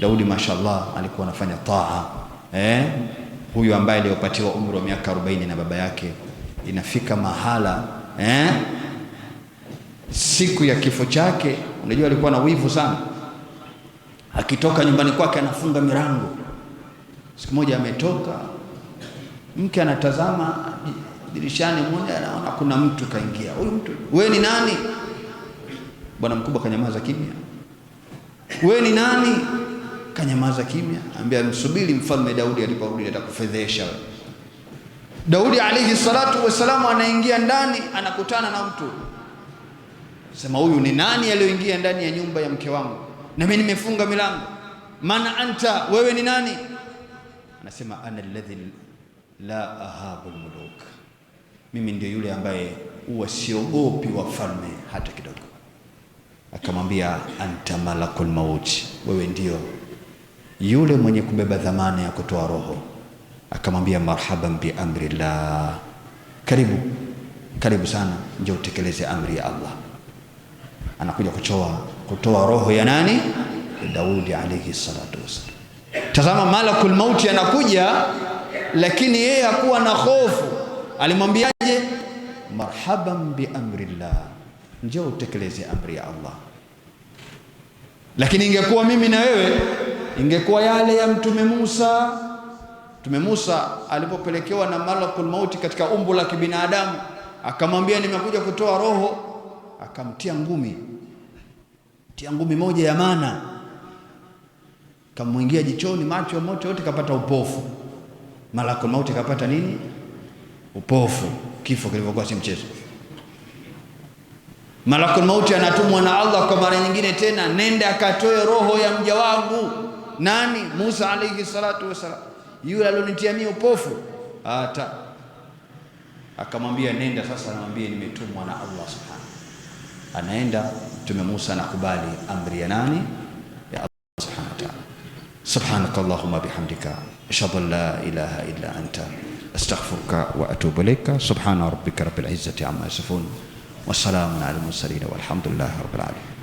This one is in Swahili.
Daudi mashallah alikuwa anafanya taa eh? Huyu ambaye aliyopatiwa umri wa miaka 40 na baba yake, inafika mahala eh? Siku ya kifo chake, unajua alikuwa na wivu sana, akitoka nyumbani kwake anafunga mirango. Siku moja ametoka, mke anatazama dirishani mmoja anaona kuna mtu kaingia. Huyu mtu wewe ni nani? Bwana mkubwa kanyamaza kimya. Wewe ni nani? Kanyamaza kimya, ambia msubiri mfalme Daudi aliporudi atakufedhesha wewe. Daudi alayhi salatu wasalamu anaingia ndani, anakutana na mtu sema, huyu ni nani aliyoingia ndani ya nyumba ya mke wangu na mimi nimefunga milango? Mana anta, wewe ni nani? Anasema, ana alladhi la ahabu almuluk, mimi ndio yule ambaye huwa siogopi wafalme hata kidogo. Akamwambia, anta malakul mauti, wewe ndio yule mwenye kubeba dhamana ya kutoa roho akamwambia, marhaban bi amrillah, karibu karibu sana, nje utekeleze amri ya Allah. Anakuja kutoa kutoa roho ya nani? Daudi alayhi salatu wasallam. Tazama, malakul mauti anakuja, lakini yeye hakuwa na hofu. Alimwambiaje? marhaban bi amrillah, nje utekeleze amri ya Allah. Lakini ingekuwa mimi na wewe ingekuwa yale ya mtume Musa. Mtume Musa alipopelekewa na malakul mauti katika umbo la kibinadamu, akamwambia nimekuja kutoa roho, akamtia ngumi, tia ngumi moja ya mana, kamwingia jichoni, macho ya moto yote kapata upofu. Malakul mauti kapata nini? Upofu, kifo kilivyokuwa si mchezo. Malakul mauti anatumwa na Allah kwa mara nyingine tena, nenda akatoe roho ya mja nani? Musa alayhi salatu wasalam, yule alionitia mimi upofu. Hata akamwambia nenda sasa, namwambie nimetumwa na Allah subhanahu. Anaenda Mtume Musa anakubali amri ya nani? Ya Allah subhanahu wa ta'ala. Subhanakallahumma bihamdika ashhadu an la ilaha illa anta astaghfiruka wa atubu ilaika. Subhana rabbika rabbil izzati amma yasifun wa salamun alal mursalin walhamdulillahi rabbil alamin.